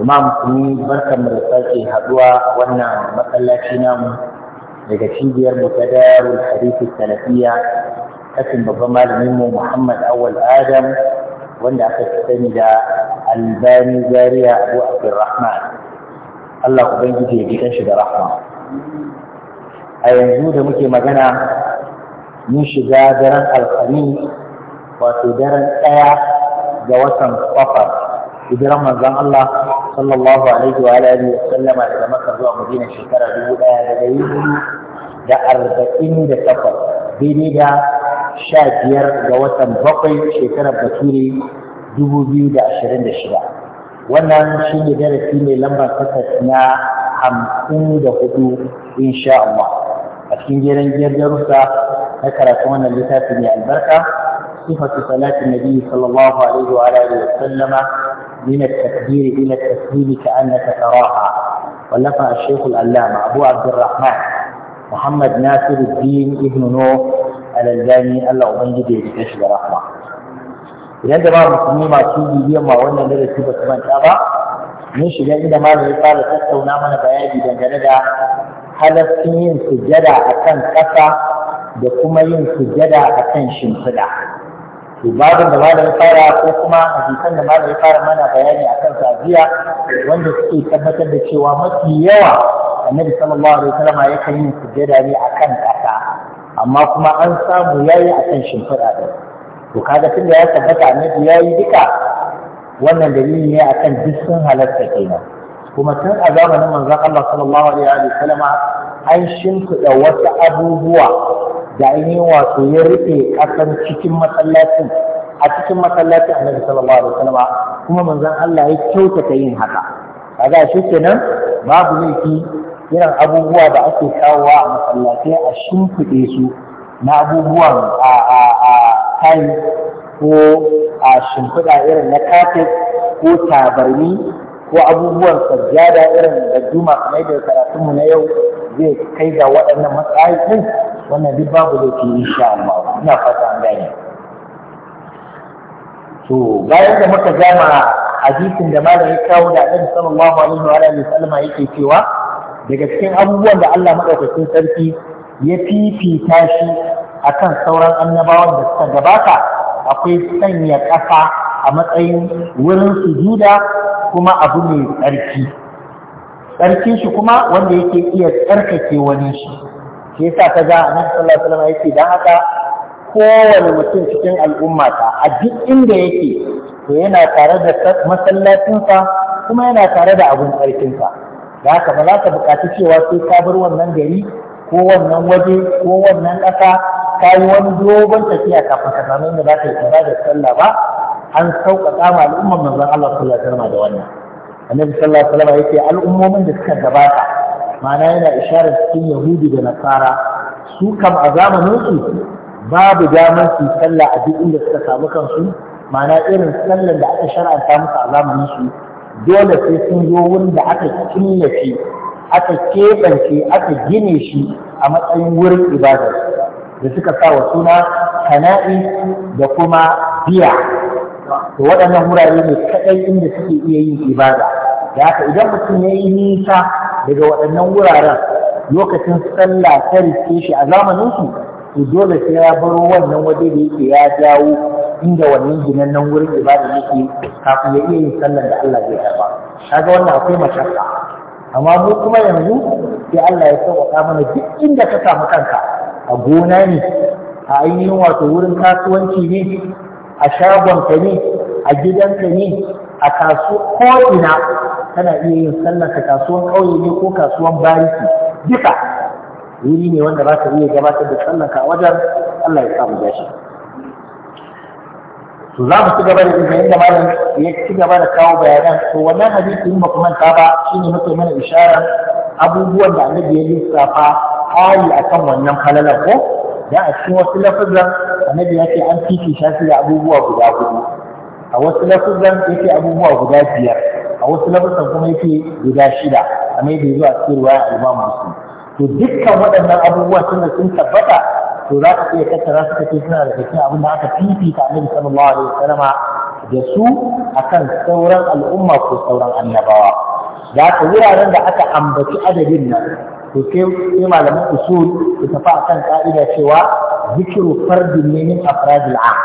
imam musulmi barkan mu da sake haduwa wannan masallaci namu daga cibiyar mu ta darul hadisi salafiya kasin babban malamin mu muhammad awal adam wanda aka fi sani da albani zaria abu abdurrahman allah ubangiji ya ji kanshi da rahma a yanzu da muke magana mun shiga daren alhamis wato daren ɗaya ga watan safar hijiran manzon Allah sallallahu alaihi wa alihi wa sallama daga Makka zuwa Madina shekara dubu ɗaya da da arba'in da takwas daidai da sha biyar ga watan bakwai shekarar Bature dubu biyu da ashirin da shida wannan shine darasi mai lambar takwas na hamsin da hudu insha Allah a cikin gidan darussa na karatun wannan littafi mai albarka sifatu salatin nabi sallallahu alaihi wa alihi wa sallama من التكبير إلى التسليم كأنك تراها ولف الشيخ العلامة أبو عبد الرحمن محمد ناصر الدين ابن نوح الألباني الله أبنجي يكتشف رحمة idan da ba musulmi masu bibiyan ma wannan darasi ba su manta ba mun shiga inda malam ya fara tattauna mana bayani dangane da halaccin yin sujada akan ƙasa da kuma yin sujada akan shimfiɗa to babin da malam ya fara ko kuma hadisan da malam ya fara mana bayani akan sabiya wanda suke tabbatar da cewa mafi yawa annabi sallallahu alaihi wasallam ya kan yi sujjada ne akan kasa amma kuma an samu yayi akan shimfiɗa din to kaga tun ya tabbata annabi yayi duka wannan dalili ne akan duk sun halatta kenan kuma tun a zamanin manzon Allah sallallahu alaihi wasallam an shimfiɗa wasu abubuwa da ainihin wato ya rufe ƙasan cikin masallacin a cikin masallacin annabi sallallahu alaihi wasallam kuma manzon Allah ya kyautata yin haka kaga shi kenan babu laifi irin abubuwa da ake kawowa a a shimfiɗe su na abubuwan a a kai ko a shimfiɗa irin na kafet ko tabarni ko abubuwan sajjada irin da juma kamar da karatunmu na yau zai kai ga waɗannan matsayi ɗin wannan duk babu laifi insha Allah ina fata an gane to bayan da muka gama hadisin da malam ya kawo da Annabi sallallahu alaihi wa alihi sallama yake cewa daga cikin abubuwan da Allah madaukakin sarki ya fifita shi akan sauran annabawan da suka gabata akwai sanya ƙasa a matsayin wurin sujuda kuma abu mai tsarki tsarkin shi kuma wanda yake iya tsarkake wani shi shi yasa ta ga annabi sallallahu alaihi wasallam yake dan haka kowane mutum cikin al'ummata a duk inda yake to yana tare da masallacinsa kuma yana tare da abun tsarkinsa da haka ba za ka buƙaci cewa sai ka bar wannan gari ko wannan waje ko wannan ƙasa ka yi wani dogon tafiya kafin ka samu inda za ka yi ibadar sallah ba an sauƙaƙa ma al'ummar manzon Allah sallallahu alaihi wasallam da wannan annabi sallallahu alaihi wasallam yake al'ummomin da suka gabata ma'ana yana isharar cikin yahudi da nasara su kam a zamanin su babu damar su sallah a duk inda suka samu kansu ma'ana irin sallar da aka shar'anta musu a zamanin su dole sai sun zo wurin da aka killace aka keɓance aka gine shi a matsayin wurin ibadar da suka sa wa suna kana'i da kuma biya to waɗannan wurare ne kaɗai inda suke iya yin ibada da haka idan mutum ya yi nisa daga waɗannan wuraren lokacin sallah ta riske shi a zamaninsu to dole sai ya baro wannan waje da yake ya dawo inda wannan ginannen wurin ibada yake kafin ya iya yin sallar da Allah zai karba kaga wannan akwai mashakka amma mu kuma yanzu sai Allah ya sauƙaƙa mana duk inda ka samu kanka a gona ne a ainihin wato wurin kasuwanci ne a shagonka ne a gidanka ne a kasu ko'ina kana iya yin sallarka kasuwan ƙauye ne ko kasuwan bariki duka wuri ne wanda za ka iya gabatar da sallarka a wajen Allah ya samu gashi. to za mu ci gaba da izinin da malam ya ci gaba da kawo bayanan to wannan hadisi in ba ku manta ba shine muke mana isharar abubuwan da annabi ya lissafa hali akan wannan halalar ko da a cikin wasu lafazan annabi ya ce an fifi shafi da abubuwa guda hudu a wasu lafazan ya ce abubuwa guda biyar a wasu lafazan kuma ya ce guda shida a mai da zuwa cikin ruwa imam muslim to dukkan waɗannan abubuwa sun sun tabbata to za ka iya tattara su kace suna da cikin abin da aka fifita annabi sallallahu alaihi wasallama da su akan sauran al'umma ko sauran annabawa za ka wuraren da aka ambaci adadin nan to sai malaman usul su tafi akan ka'ida cewa zikiru fardin ne min afradil am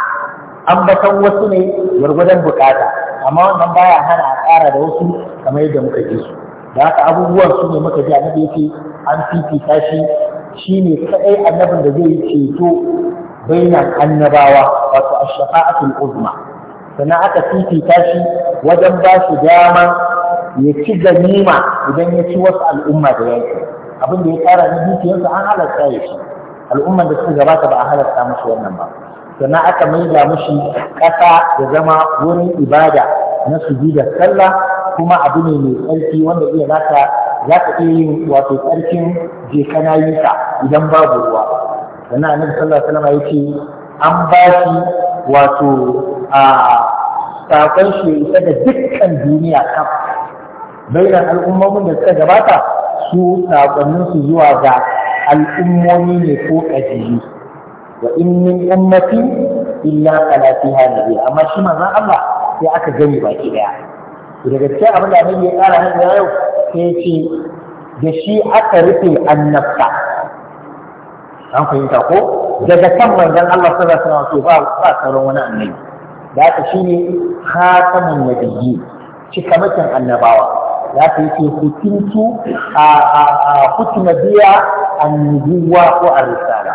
ambatan wasu ne gwargwadon bukata amma wannan baya hana a ƙara da wasu kamar yadda muka ji su da haka abubuwan su ne muka ji annabi yake an fifita shi shi ne kaɗai annabin da zai yi ceto bainan annabawa wato a shafa'atul uzma sannan aka fifita shi wajen ba shi dama ya ci ganima idan ya ci wasu al'umma da yanki abin da ya tsara na dukiyarsa an halarta ya ci al'umman da suka gabata ba a halarta musu wannan ba sannan aka maida mushi ƙasa da zama wurin ibada na sujudar sallah kuma abu ne mai tsarki wanda iya zaka zaka iya yin wato tsarkin je kana idan babu ruwa sannan annabi sallallahu alaihi wasallam yace an ba shi wato a sakon shi isa da dukkan duniya kaf bainar al'ummomin da suka gabata su sakonninsu zuwa ga al'ummomi ne ko ƙabilu wa in min ummati illa ala fiha nabi amma shi manzon Allah sai aka gani baki daya daga cikin abin da annabi ya kara nan yau sai ya ce da shi aka rufe annabta an fahimta ko daga kan manzon Allah sallallahu alaihi wasallam ba ba sauran wani annabi da aka shine khatamun nabiyyi cikamakin annabawa za ta yi ce hutuntu a na biya annabuwa ko a risala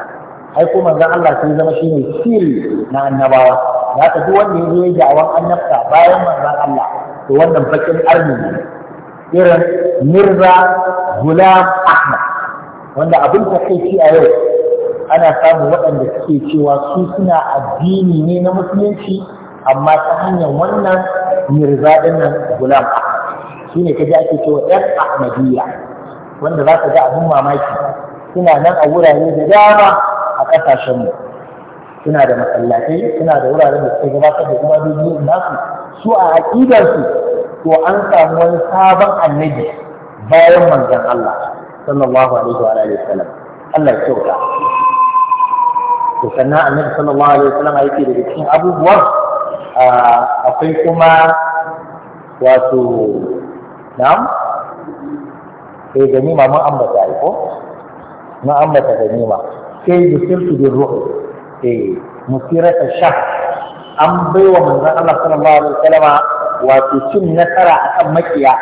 ai ko manzon Allah sai zama shine sirri na annabawa Za ka duk wanda yazo ya da'awan annabta bayan manzon Allah to wannan bakin arni irin Mirza Gulam Ahmad wanda abin ta kai shi a yau ana samun waɗanda suke cewa su suna addini ne na musulunci amma ta hanyar wannan Mirza din nan Gulam Ahmad shine kaje ake cewa ɗan Ahmadiyya wanda za ka ga abin mamaki suna nan a wurare da dama a ƙasashenmu suna da masallatai suna da wuraren da suke gabatar da ibadoji nasu su a aƙidarsu to an samu wani sabon annabi bayan manzon Allah sallallahu alaihi wa alihi wasallam Allah ya kyauta to sannan annabi sallallahu alaihi wasallam yake da cikin abubuwan akwai kuma wato na'am sai eh, ganima mun ambata ko mun ambata ganima sai yusirtu bin ruh eh musirata shah an baiwa manzon Allah sallallahu alaihi wasallama wato cin nasara akan makiya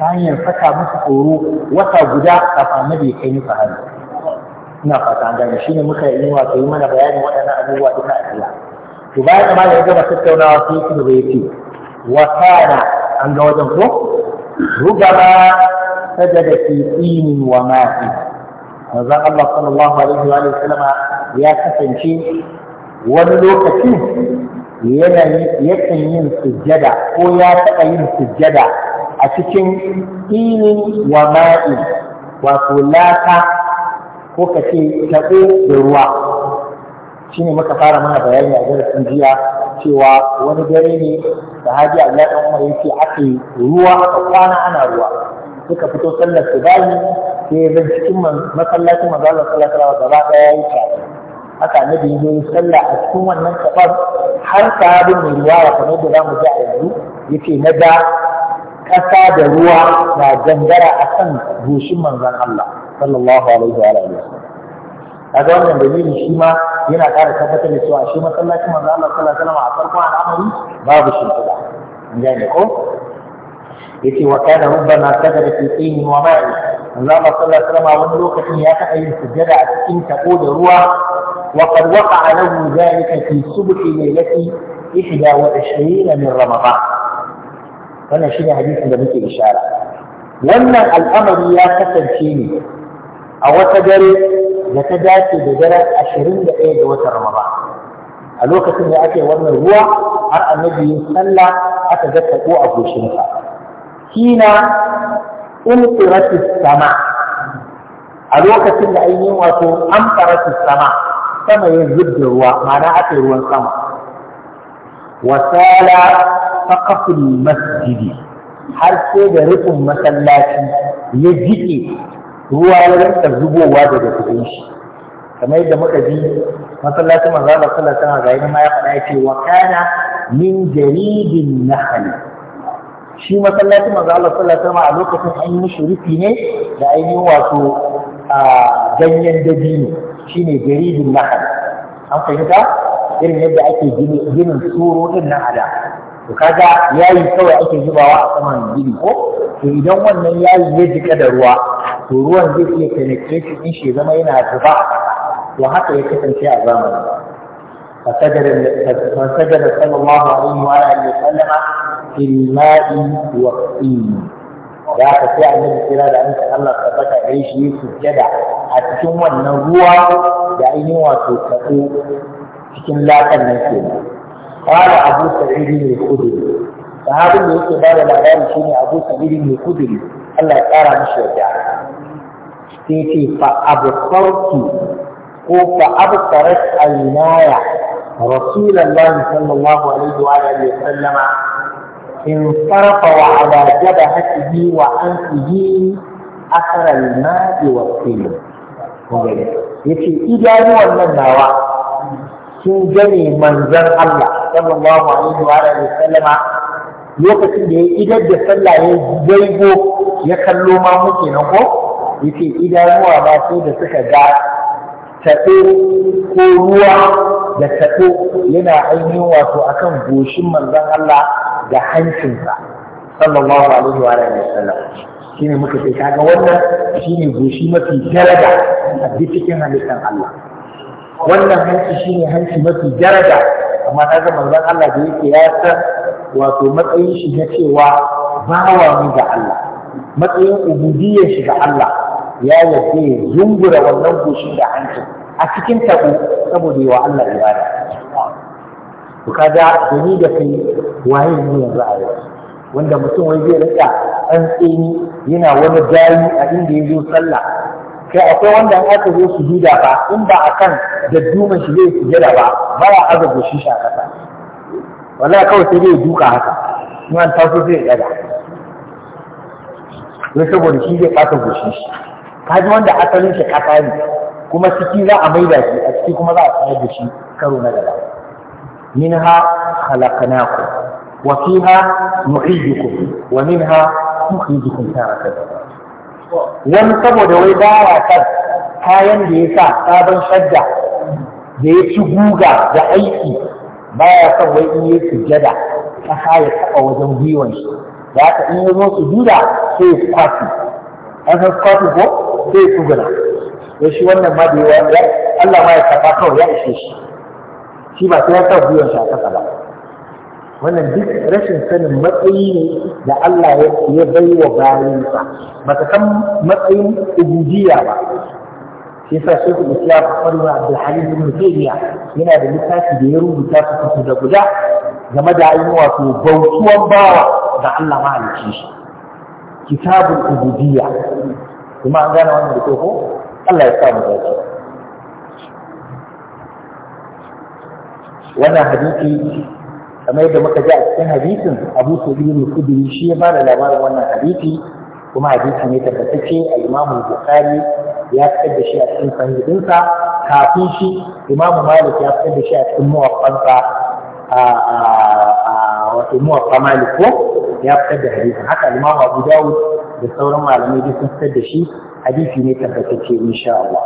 ta hanyar saka musu tsoro wata guda kafin annabi ya kai musu hannu ina fata an gane shine muka yi wato yi mana bayanin waɗannan abubuwa duka a jiya to bayan da malamin gaba tattaunawa sai ya ci gaba ya ce wa kana an ga wajen ko Rugaba, sajada fi tsinin wa ma'i manzon Allah sallallahu alaihi wa sallama ya kasance wani lokaci yakan yin sujjada ko ya taɓa yin sujjada a cikin ilin wa ma'i wato laka ko ka ce taɓo da ruwa shi ne muka fara mana bayani a darasin jiya cewa wani dare ne da haji Allah ɗan Umar yake aka yi ruwa aka kwana ana ruwa suka fito sallar su sai zan cikin masallacin manzala sallallahu alaihi gaba daya yayi ta haka annabi ya yi sallah a cikin wannan kafar har sahabin mai riwaya kamar da zamu ji a yanzu yace na da kasa da ruwa na gangara akan goshin manzon Allah sallallahu alaihi wa alihi kaga wannan dalili shi ma yana ƙara tabbatar da cewa shi masallacin manzon Allah sallallahu alaihi wa a farkon al'amari babu shimfiɗa gane ko yace wa kana rubbama kadara fi tayyin wa ma'i Allah sallallahu alaihi wasallam wani lokacin ya taɓa yin sujjada a cikin taɓo da ruwa wa qad waqa'a lahu dhalika fi subhi laylati 21 min ramadan wannan shine hadisin da muke ishara wannan al'amari ya kasance ne a wata dare da ta dace da daren 21 ga watan ramadan a lokacin da ake wannan ruwa har annabi yin sallah aka ga tabo a goshinsa umtirati sama a lokacin da an yi wato amfarati sama sama ya zubda ruwa ma'ana aka ruwan sama wasala saqaful masjidi har sai da rufin masallaci ya jike ruwa ya rinka zubowa daga cikin shi kamar yadda muka ji masallacin manzo Allah sallallahu alaihi wasallam ga yana faɗa ya faɗa wa kana min jaridin nahl shi masallacin manzo Allah sallallahu alaihi a lokacin an yi mishi ne da ainihin wato a ganyen dabino shine jaridin lahar an fahimta irin yadda ake ginin tsoro din nan a da to kaga yayi kawai ake zubawa a saman gini ko to idan wannan yayi ya jika da ruwa to ruwan zai iya shi in shi zama yana zuba to haka ya kasance a zamanin فسجد فسجد صلى الله عليه filma'i wa tsini da aka sai annabi kira da an Allah tabbata gare shi su sujjada a cikin wannan ruwa da ainihin wato kaɗo cikin lakan nan ke qala abu sa'id ne khudri sahabin da yake bada labari shine abu sa'id ne khudri Allah ya ƙara mishi yadda sai ce fa absartu ko fa abu aynaya رسول rasulallah sallallahu alaihi عليه وآله وسلم انصرف وعلى جبهته وأنفه أثر الماء والطين yace idanuwan nan nawa sun gane manzon Allah sallallahu alaihi wa alihi sallama lokacin da ya idar da sallah ya zaigo ya kallo ma muke na ko yace idanuwa ba sai da suka ga taɓe ko ruwa ya taɓo yana ainihin wato akan goshin manzon Allah da hancinsa sallallahu alaihi wa sallam. wasallam shine muka ce kaga wannan shine goshi mafi daraja a cikin halittar Allah wannan hanci shine hanci mafi daraja amma ta ga manzon Allah da yake ya san wato matsayin shi na cewa bawa mu ga Allah matsayin ubudiyyar shi ga Allah ya yadda ya zungura wannan goshin da hancin a cikin taɓo saboda yawa Allah ibada to kaga ni da kai waye ne yanzu a yau wanda mutum wai zai rika an tsini yana wani jari a inda ya zo sallah kai akwai wanda an aka zo su duda ba in ba akan da duman shi zai sujada ba ba ya azabo shi a kasa wallahi kawai sai zai duka haka in an taso zai ya daga wai saboda shi zai ɓata goshi shi kaji wanda asalin shi kasa ne kuma ciki za a maida shi a ciki kuma za a tsayar da shi karo na gaba minha khalaqnakum wa fiha nu'idukum wa minha nukhrijukum taratan wani saboda wai baya kan kayan da ya sa sabon shadda da ya ci guga da aiki ba ya son wai in yi sujjada ta ya taɓa wajen gwiwan shi za haka in ya zo su duda sai ya kwafi an san kwafi ko sai ya tugula ya shi wannan ma da yawa ya Allah ma ya kafa kawai ya ishe shi shi ba sai ya sa biyan shi a kasa ba wannan duk rashin sanin matsayi ne da Allah ya bai wa bayansa ba ka san matsayin ubudiyya ba shi yasa shekul islam faru abdulhalim ibn taymiya yana da littafi da ya rubuta su kusa da guda game da ainihin wato bautuwan bawa da Allah mahalicci shi kitabul ubudiyya kuma an gane wannan da ko Allah ya samu dace wannan hadisi kamar yadda muka ji a cikin hadisin Abu Sa'id al-Khudri shi ya bada labarin wannan hadisi kuma hadisi ne tabbatacce a imam Bukhari ya fitar da shi a cikin sahihinsa kafin shi Imam Malik ya fitar da shi a cikin muwaffansa a wato muwaffa Malik ko ya fitar da hadisin haka al-Imam Abu Dawud da sauran malamai duk sun fitar da shi hadisi ne tabbatacce insha Allah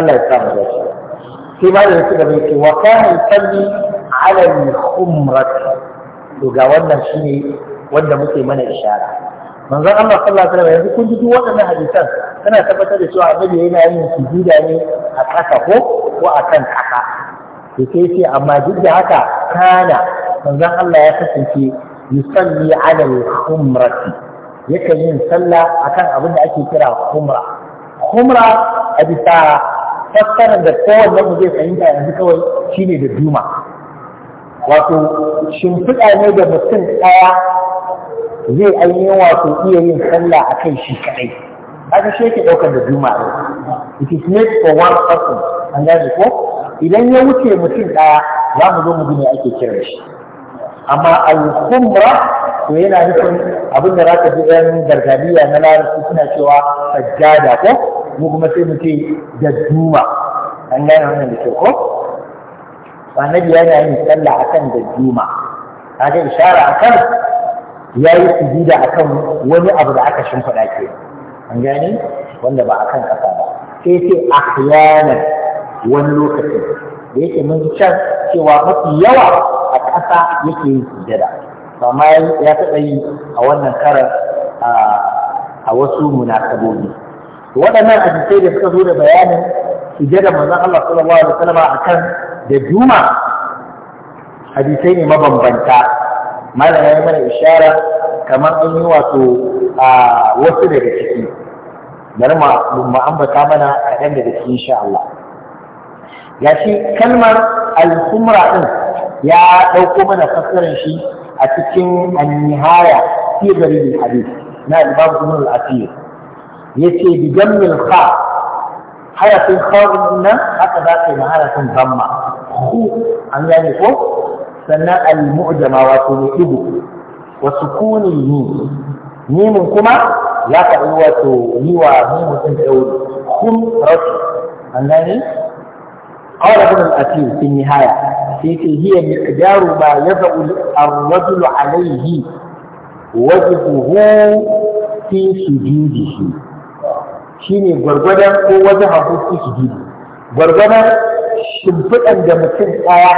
Allah ya samu dace sai ma da su gaba yake wa kana yusalli ala al-khumrat to ga wannan shine wanda muke mana ishara manzon Allah sallallahu alaihi wasallam yanzu kun ji duk waɗannan hadisan tana tabbatar da cewa annabi yana yin sujuda ne a ƙasa ko ko a kan ƙasa to sai ce amma duk da haka kana manzon Allah ya kasance yusalli ala al-khumrati yakan yin sallah akan abin da ake kira kumra kumra a bisa fassarar da kowanne mu zai fahimta yanzu kawai shine da duma wato shimfiɗa ne da mutum ɗaya zai ainihin wato iya yin sallah a kai shi kaɗai haka shi yake ɗaukar da duma ne it is made for one person an gane ko idan ya wuce mutum ɗaya za mu zo mu gini ake kiran shi amma al-kumra to yana nufin abin da za zaka ji 'yan gargadiya na larabci suna cewa sajjada ko mu kuma sai mu ce dadduma an gane wannan da ke ko annabi yana yin sallah akan dadduma kaga ishara akan yayi sujuda akan wani abu da aka shimfiɗa ke an gane wanda ba akan ƙasa ba sai sai ahyanan wani lokacin da yake mun can cewa mafi yawa a ƙasa yake yin sujada amma ya taɓa yi a wannan kara a wasu munasabobi waɗannan hadisai da suka zo da bayanin da manzon Allah sallallahu alaihi wasallam akan da juma hadisai ne mabambanta malam ya yi mana ishara kamar an yi wato a wasu daga ciki bari mu ambata mana kaɗan daga ciki insha Allah ya shi kalmar al ɗin din ya ɗauko mana fassarar shi a cikin annihaya fi garibin hadis na imam ibn al-asir yace bi gammil kha harafin khawun nan haka za ka yi harafin zamma khu an gane ko sannan al-mu'jama wato ne ibu wa sukunin ni nimin kuma ya faɗi wato yi wa nimin ɗin ɗauri kun rasu an gane قال ابن الأثير في النهاية التي هي مقدار ما يضع الرجل عليه وجهه في سجوده shine gwargwadon ko wajen hafu su sujudi gwargwadon shimfiɗan da mutum ɗaya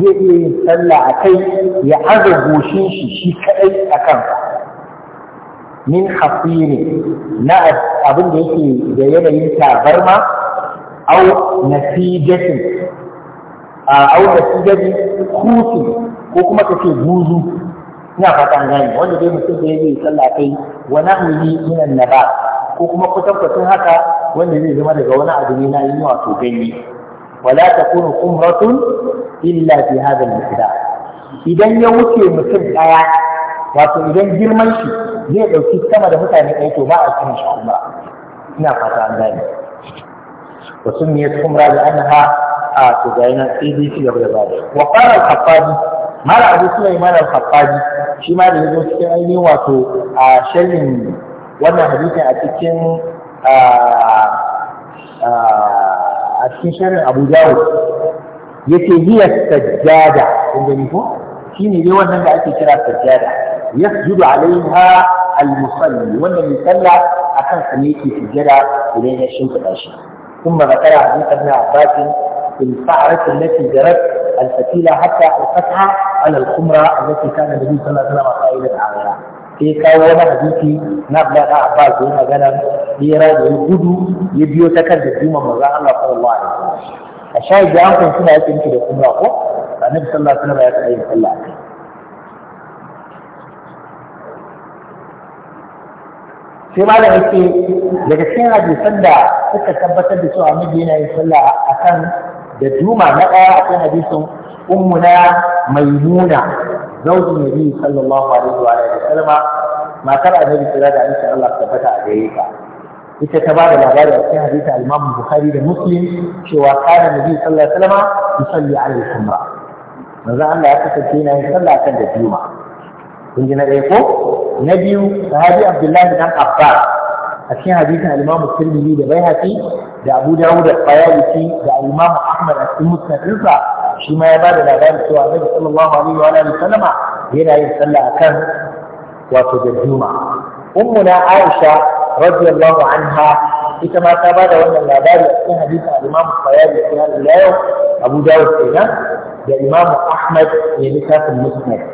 zai iya sallah akai, ya aza goshin shi shi kaɗai a kan min hafiri na abin da yake da yanayin tabarma au natijatin a au natijatin hutu ko kuma ka ce ina fata gani wanda dai mutum da yake sallah kai wa nahwihi minan naba ko kuma kwatankwacin haka wanda zai zama daga wani abu ne na yi wato gani wala takunu umratun illa fi hadha al-miqdar idan ya wuce mutum daya wato idan girman shi zai dauki sama da mutane ɗaya to ba a cikin shi kuma ina fata an gani وسميت حمرة لأنها تدعينا في دي في غير ذلك وقال الخطابي ما لا سليمان الخطابي شما da yazo cikin ainihin wato a shirin wannan hadisin a cikin a cikin shirin Abu Dawud yake hiya sajjada kun gani ko shine dai wannan da ake kira sajjada yasjudu alaiha al-musalli wanda mai sallah akan sa ne yake sujjada idan ya shimfiɗa shi ثم ذكر حديث ابن عباس في الفأرة التي جرت الفتيلة حتى الفتحة على الخمرة التي كان النبي صلى الله عليه وسلم قائلا عليها sai kawo wani hadisi na Abdullahi da Abbas da magana bera da ya gudu ya biyo ta kan da juma manzon Allah sallallahu alaihi a shayi da an kun suna yake da ko annabi sallallahu ya taɓa yin sallah sai malam yake daga cikin hadisan da suka tabbatar da cewa miji yana yin sallah a kan da juma na ɗaya a akan hadisin ummuna maimuna zaujin nabi sallallahu alaihi wa alihi wasallam matar annabi sallallahu alaihi wasallam Allah tabbata a gare ka ita ta bada labari a cikin hadisi al-Imam Bukhari da Muslim cewa kana nabi sallallahu alaihi wasallam yusalli ala al-humra manzo Allah ya kasance yana yin sallah kan da duma kun ji na ko na biyu sahabi abdullahi dan abbas a cikin hadisin al-imam tirmidhi da baihaqi da abu dawud da bayalisi da al-imam ahmad a cikin musnadinsa shi ma ya bada labarin cewa annabi sallallahu alaihi wa alihi sallama yana yin sallah akan wato da juma ummuna aisha radiyallahu anha ita ma ta bada wannan labari a cikin hadisin al-imam bayalisi har ila yau abu dawud kenan da imam ahmad ne littafin musnad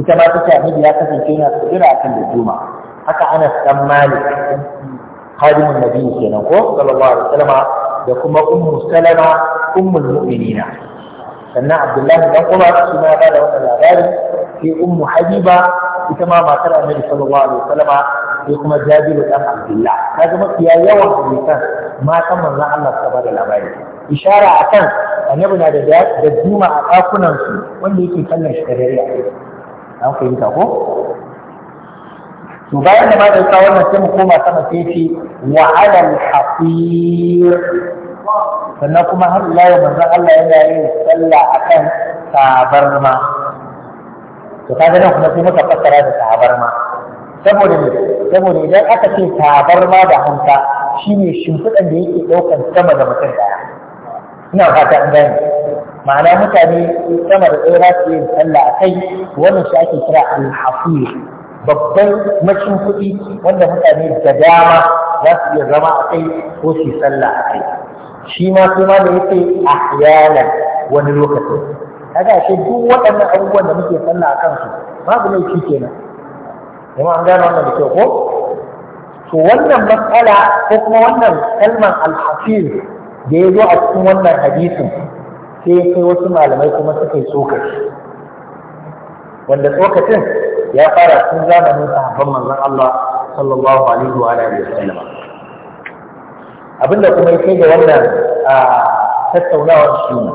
ita ma ta annabi ya kasance yana sujjada da dujuma haka Anas dan Malik hadimin nabi kenan ko sallallahu alaihi wasallam da kuma ummu salama ummul mu'minina sannan Abdullahi dan Umar shi ma ba da wannan labarin sai ummu Habiba ita ma matar annabi sallallahu alaihi wasallam sai kuma Jabiru dan Abdullah kaga mafiya yawan hadisan matan manzon Allah ta bada labari ishara akan annabi na da da juma a kafunan su wanda yake kallon shi da an fahimta ko to bayan da malam sa wannan sai mu koma sama sai ce wa alal haqir sannan kuma har ila yau manzon Allah yana yin sallah akan tabarma to kaga nan kuma sai muka fassara da tabarma saboda ne saboda idan aka ce tabarma da hanta shine shimfiɗan da yake ɗaukan sama da mutum ɗaya ina fata an gane ma'ana mutane sama da ɗaya za su yi sallah a kai wannan shi ake kira alhafiya babban mashin kuɗi wanda mutane da dama za su iya zama a kai ko su yi sallah a kai shi ma su ma da yake ahyanan wani lokacin kaga ashe duk waɗannan abubuwan da muke sallah a kansu babu laifi kenan kuma an gano wannan da kyau ko to wannan matsala ko kuma wannan kalmar alhafiz da ya zo a cikin wannan hadisin sai sai wasu malamai kuma suka yi tsokaci wanda tsokacin ya fara tun zamanin sahabban manzon Allah sallallahu alaihi wa alihi wasallam abinda kuma ya kai wannan wannan tattaunawar shi ne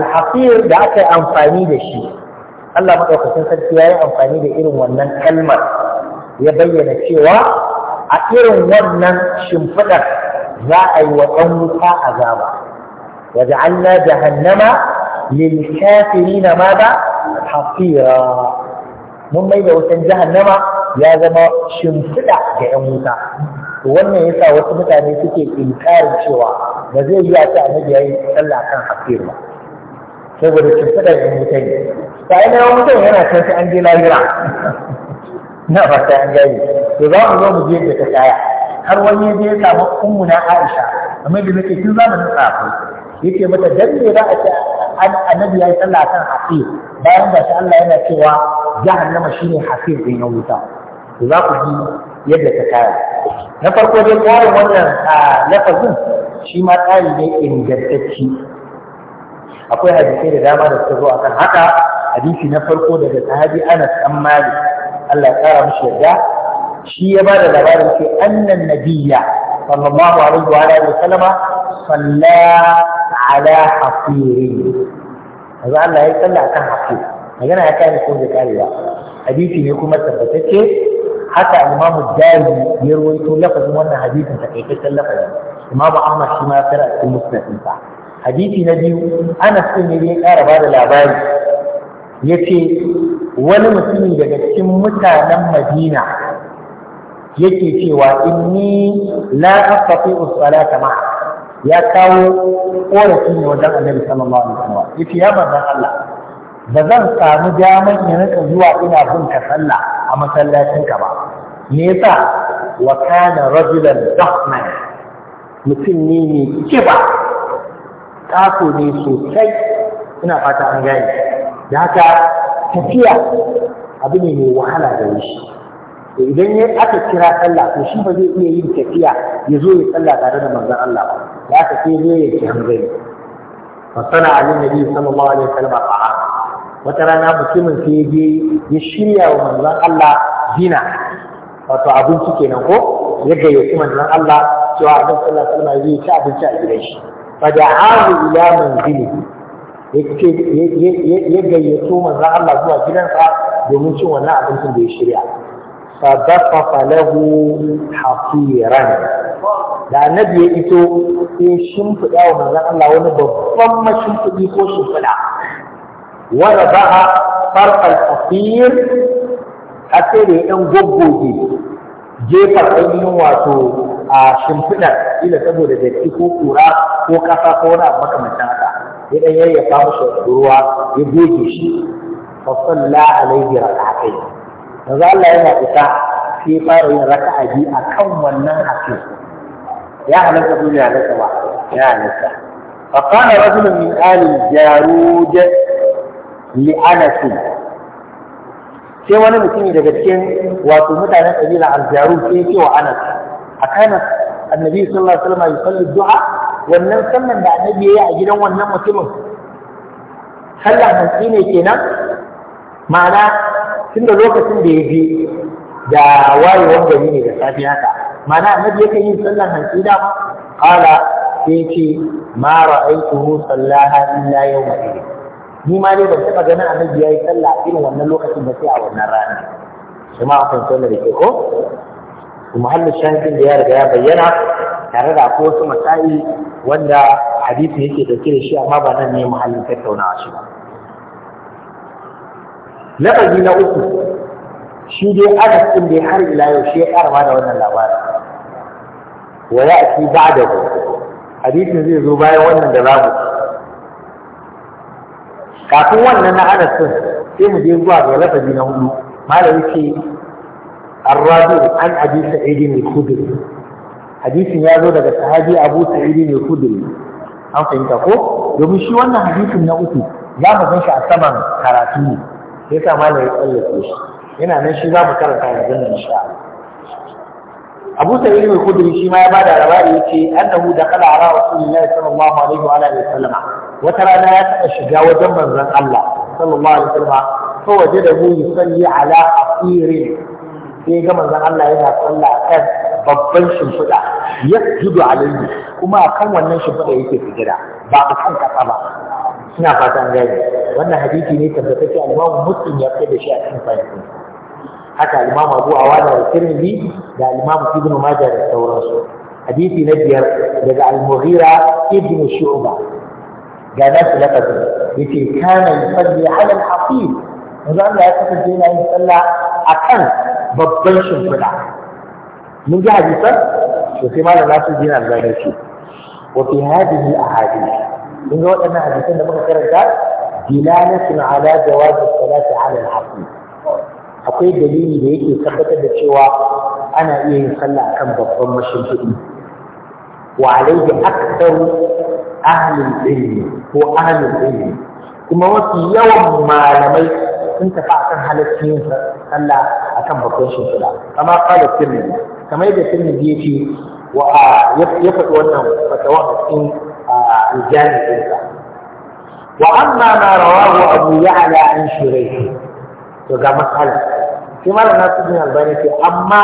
alhaqir da aka yi amfani da shi Allah madaukakin sarki ya yi amfani da irin wannan kalmar ya bayyana cewa a irin wannan shimfiɗar za a yi wa ɗan wuta azaba وجعلنا جهنم للكافرين ماذا حصيرا mun mai da wutan jahannama ya zama shimfiɗa ga 'yan wuta wannan yasa wasu mutane suke inkarin cewa ba zai yi a ce annabi yayi sallah kan hafir ba saboda shimfiɗar 'yan wuta ne sai na 'yan wutan yana kan sai an je lahira na ba sai an gani to za mu zo mu je da ta tsaya har wani ya je ya samu ummuna Aisha amma da nake tun zamanin tsafin yake mata dan ne za a ce annabi ya yi sallah kan hafi bayan da shi Allah yana cewa jahannama shine hafi din ya wuta to za ku ji yadda ta kare na farko dai karin wannan lafazin shi ma tsari ne ingantacci. akwai hadisai da dama da suka zo akan haka hadisi na farko daga sahabi Anas dan Malik Allah ya kara mishi yarda shi ya ba da labarin sai annan nabiyya صلى الله عليه وآله وسلم صلى على حصيره هذا الله يصلى كان حصير magana ya kare ko da karewa hadisi ne kuma tabbatacce haka imamu jari ya rawaito lafazin wannan hadisin ta kai kakkan lafazin imamu ahmad shi ma kara cikin musnadin sa hadisi na biyu ana son ne ya kara bada labari yace wani mutumi daga cikin mutanen madina yake cewa inni la astati'u salata ma ya kawo korafi ne wajen annabi sallallahu alaihi wasallam yace ya manzon Allah ba zan samu daman in rika zuwa ina bin ka sallah a masallacin ka ba me yasa wa kana rajulan dahman mutum ne mai kiba kafo ne sosai ina fata an gane da haka tafiya abu ne mai wahala da shi idan ya aka kira sallah to shi ba zai iya yin tafiya ya zo ya sallah tare da manzon Allah ba ya ka sai zai ya ci hanzari sana alin nabi sallallahu alaihi wasallam wata rana mutumin sai ya je ya shirya wa manzon Allah zina wato abinci kenan ko ya gayyaci manzon Allah cewa Allah sallallahu alaihi wasallam zai ci abinci a gidan shi fa hazu ila manzili yake ya gayyato manzon Allah zuwa gidansa domin cin wannan abincin da ya shirya فبسط له حصيرا da annabi ya ito sai shimfiɗa wa manzon Allah wani babban mashimfiɗi ko shimfiɗa wanda ba a farfar asir a sai da ya ɗan goggoge jefar ainihin wato a shimfiɗar ila saboda datti ko kura ko ƙasa ko wani abu makamancin haka ya ɗan yayyafa mashi ruwa ya goge shi fasalla alaihi raka'atai manzo Allah yana isa sai fara yin raka a biyu a kan wannan hafi ya halatta ko ya halatta ba ya halatta fa qala rajulun min ali jarud li anas sai wani mutumi daga cikin wato mutanen kabila al-jarud sai ya ce wa anas akana annabi sallallahu alaihi wasallam yusalli du'a wannan sannan da annabi ya yi a gidan wannan mutumin sallah hantsi ne kenan ma'ana tun da lokacin da ya bi da wayewar gari ne da safi haka mana annabi yake yin sallan hanci da ma qala sai ce ma ra'aytuhu sallaha illa yawma idin ni ma ne ban taba ganin annabi yi sallah irin wannan lokacin ba sai a wannan rana jama'a kun san da ke ko muhallin shahidin da ya riga ya bayyana tare da akwai wasu masai wanda hadisi yake dauke da shi amma ba nan ne muhallin tattaunawa shi ba lafazi na uku shi dai anas da dai har ila yau shi ya karama da wannan labarin wa da ku hadisin zai zo bayan wannan da zamu kafin wannan na anas din sai mu je zuwa ga lafazi na hudu malami ce an عن أبي سعيد الخدري hadisin ya zo daga sahabi Abu Sa'id ne Khudri an fahimta ko domin shi wannan hadisin na uku za mu gan shi a saman karatu ne sai sa ma ya tsallake shi yana nan shi za mu karanta yanzu nan insha Abu Sa'id mai Khudri shi ma ya bada labari yace annahu dakala ala Rasulillahi sallallahu alaihi wa alihi wasallam wata rana ya taɓa shiga wajen manzon Allah sallallahu alaihi wasallam fa wajadahu yusalli ala asirin sai ga manzon Allah yana sallah kan babban shimfiɗa ya judu alayhi kuma akan wannan shimfiɗa yake sujada ba akan kasa ba ina fatan gani wannan hadisi ne tabbatacce al-Imam Muslim ya fitar da shi a cikin sahihi haka al-Imam Abu Awana da Tirmidhi da al-Imam Ibn Majah da sauransu hadisi na biyar daga al-Mughira ibn Shu'ba ga nasu lafazin yace kana yusalli ala al-hafiz yanzu Allah ya kasance yana yin sallah akan babban shimfiɗa mun ji hadisan to sai malam Nasir bin Albani ce wa fi hadhihi ahadith من هو أن حديثين لما كرنتا دلالة على جواز الصلاة على العقل أقول دليل ليك يثبت بشوى أنا إيه يصلى كم بطن مشي وعليه أكثر أهل العلم هو أهل العلم كما وفي يوم ما لميت أنت tafi akan السنين صلى كم babban shimfiɗa في كما قال الترمذي كما tirmidhi الترمذي يجي wa ya faɗi wannan fatawa mizani ɗinsa na amma wa rawahu abu ya'la an shuraihi to matsala shi malam nasu bin albani amma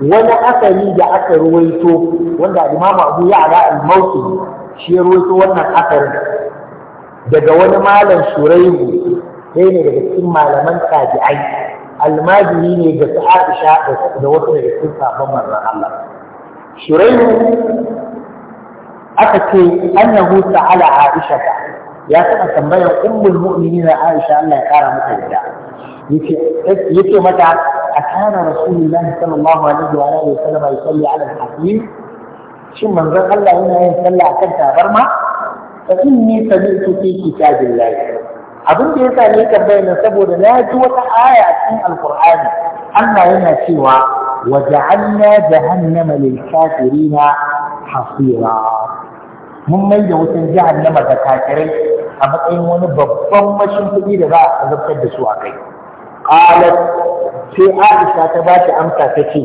wani asali da aka ruwaito wanda imam abu ya'la al-mawqi shi ya ruwaito wannan asarin daga wani malam shuraihu sai ne daga cikin malaman tabi'ai almajiri ne da su aisha da wasu daga cikin aka ce annahu ta'ala Aisha ya taɓa tambayar ummul mu'minin Aisha Allah ya ƙara mata yarda yace mata akana rasulullahi sallallahu alaihi wa alihi wasallam yusalli ala al-hakim shin manzon Allah yana yin sallah akan tabarma fa inni sami'tu fi kitabillahi abin da yasa ne tambayar nan saboda na ji wata aya a cikin alqur'ani Allah yana cewa wa ja'alna jahannama lil kafirina hasira mun mai da wutan jahannama da kakirai a matsayin wani babban mashin kuɗi da za a azabtar da su a kai qalat sai Aisha ta ba ta amsa ta ce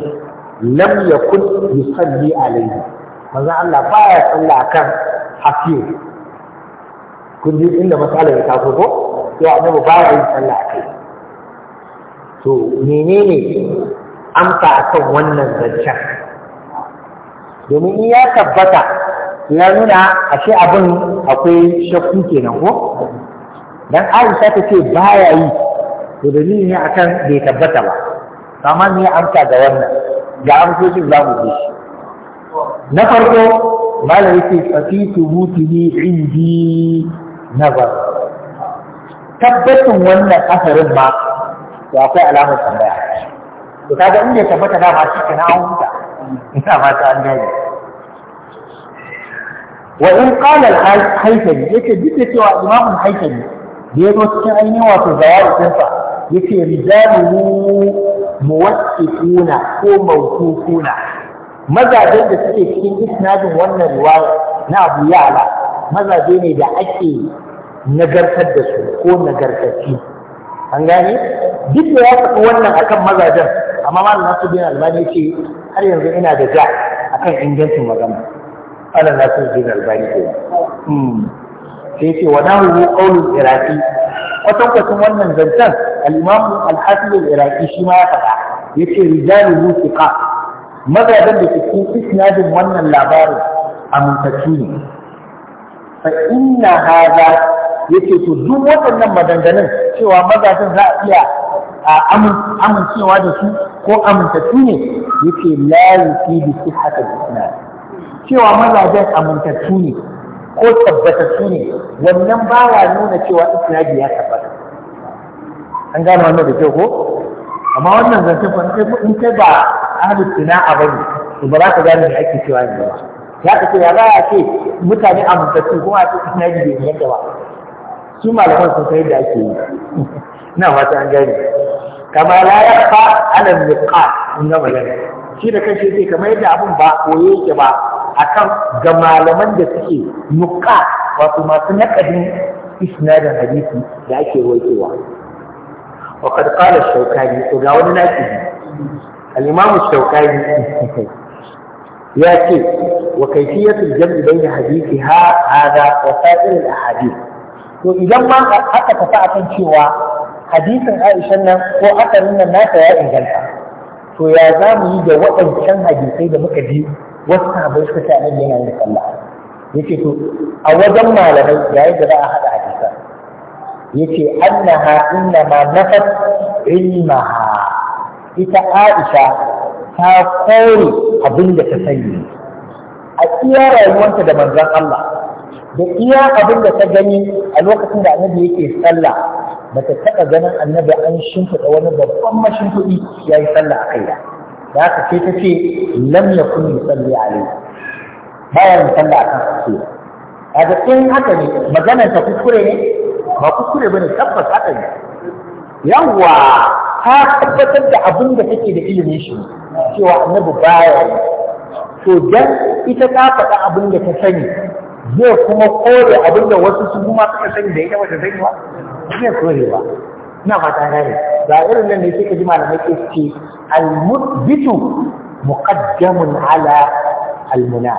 lam yakun yusalli alayhi manzo Allah ba baya salla akan hasir kun ji inda matsala ya taso ko sai annabi baya yin salla kai? to menene amsa akan wannan zancen domin in ya tabbata ya nuna ashe abin akwai shakku kenan ko dan Aisha ta ce baya yi to dalili ne akan bai tabbata ba amma ya amsa ga wannan ga amsoshin za mu ji na farko malami ce fi tubutihi indi nazar Tabbatin wannan asarin ma to akwai alamar tambaya to kaga in ya tabbata dama shi kana an huta ina mata an gane wa in qala al-haythami yace duk da cewa imam al-haythami da yazo cikin ainihin wato bayani din sa yace rijalu muwaqqiquna ko mawqufuna mazajen da suke cikin isnadin wannan riwaya na Abu Ya'la mazaje ne da ake nagartar da su ko nagartacci an gane duk da ya faɗi wannan akan mazajen amma malam nasu bin albani ce har yanzu ina da ja akan ingancin magana ala nasu bin albani ko hmm. sai ce wa nahu qaulul iraqi kwatankwacin wannan zancen al-imam al-hafiz al-iraqi shi ma ya faɗa yace rijaluhu thiqa mazajen da ke cikin isnadin wannan labarin amintacci ne fa inna hadha yake to duk waɗannan maganganun cewa mazajen za a iya amincewa da su ko amintattu ne yake da yufidu sihhatal islam cewa mazajen amintattu ne ko tabbatattu ne wannan ba ya nuna cewa isnadi ya tabbata an gano wannan da kyau ko amma wannan zance fa in kai ba ahli sina'a ba ne to ba za ka gane me ake cewa ne ba ya ka ce ya za a ce mutane amintattu kuma a ce isnadi bai yadda ba su malaman sun san da ake yi na fata an gani kama la ya fa ana miqa in ga magana shi da kashe zai kamar yadda abin ba koyo yake ba akan ga malaman da suke muqa wato masu naƙadin isnadin hadisi da ake waikewa wa qad qala shawkani to ga wani naki al-imam shawkani ya ce wa kayfiyatul jam'i bayna hadithiha hadha wa sa'ir al-ahadith to idan ma aka tafi akan cewa hadisin Aisha nan ko asalin nan nata ya inganta to ya za mu yi da waɗancan hadisai da muka bi wasu sahabbai suka ce annabi yana yin sallah yace to a wajen malamai yayin da za a haɗa hadisan yace annaha innama nafat ilmaha ita Aisha ta kore abin da ta sani a iya rayuwarta da manzon Allah da iya abin da ta gani a lokacin da annabi yake sallah ba ta taɓa ganin annabi an shimfiɗa wani babban mashimfiɗi ya yi sallah a kai da da haka sai ta ce lam ya kun yi salli a rai baya yi sallah a kan su a da in haka ne maganar ta kuskure ne ba kuskure ba ne tabbas haka ne yawwa ta tabbatar da abin da take da ilimin shi cewa annabi baya to dan ita ta faɗa abin da ta sani zai kuma kore abinda da wasu su kuma suka sani da ita wata sani ba zai kore ba ina fata gane ga irin nan ne suka ji malamai ke ce almutbitu muqaddamun ala almuna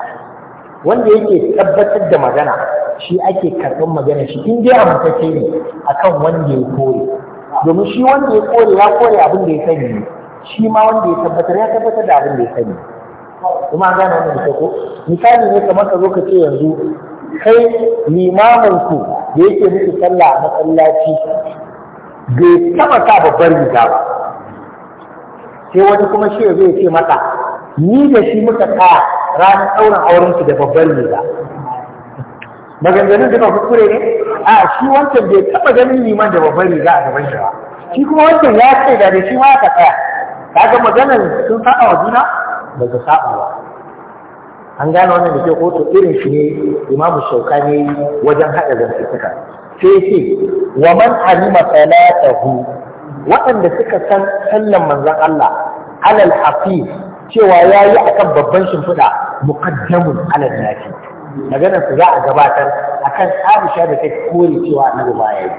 wanda yake tabbatar da magana shi ake karɓar magana shi in dai amintacce ne akan wanda ya kore domin shi wanda ya kore ya kore abin da ya sani shi ma wanda ya tabbatar ya tabbatar da abin da ya sani kuma an gane wannan da ko misali ne kamar ka zo ka ce yanzu kai limamin ku da yake muku sallah a matsalaci. bai taba sa babbar riga ba sai wani kuma shi ya ce maka ni da shi muka ta ranar ɗaurin auren ki da babbar riga maganganun duka kure ne a shi wancan bai taba ganin liman da babbar riga a gaban shi ba shi kuma wancan ya ce da da shi ma ka tsaya kaga maganar sun fada wa juna Daga su ba an gane wannan da ke kotu irin shi ne imamu shauka ne wajen haɗa zantuka sai ce wa man alima salatahu waɗanda suka san sallan manzon Allah alal hafiz cewa yayi akan babban shimfiɗa muqaddamun alal nafi maganar su za a gabatar akan Aisha da take kore cewa annabi baya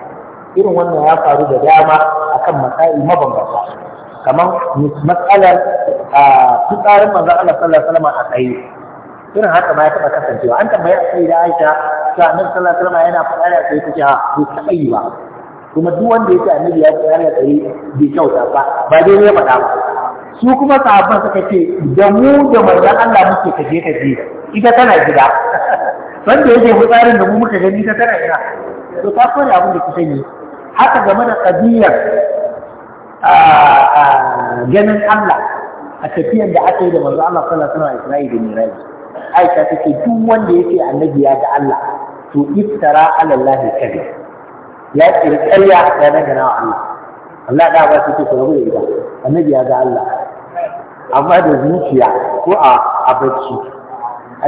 irin wannan ya faru da dama akan masai mabambanta kamar matsalar a fitsarin manzon Allah sallallahu alaihi wasallam a tsaye irin haka ma ya taɓa kasancewa an tambaye a tsaye da Aisha ta annabi sallallahu alaihi wasallam yana fitsari a tsaye kace ha bai taɓa yi ba kuma duk wanda ya ce annabi ya fitsari a tsaye bai kyauta ba ba dai ne ba su kuma sahabban suka ce da mu da manzon Allah muke kaje kaje ita tana gida wanda yake fitsarin da mu muka gani ta tana gida, to ta kore abin da kusa ne haka game da kadiyar ganin Allah a tafiyar da aka yi da manzo Allah sallallahu alaihi wasallam Isra'i da Miraj Aisha take duk wanda yake annabi ya ga Allah to iftara ala Allah kadai ya ce ƙarya ya dangana wa Allah Allah da ba su ce ko rabu da annabi ya ga Allah amma da zuciya ko a abacci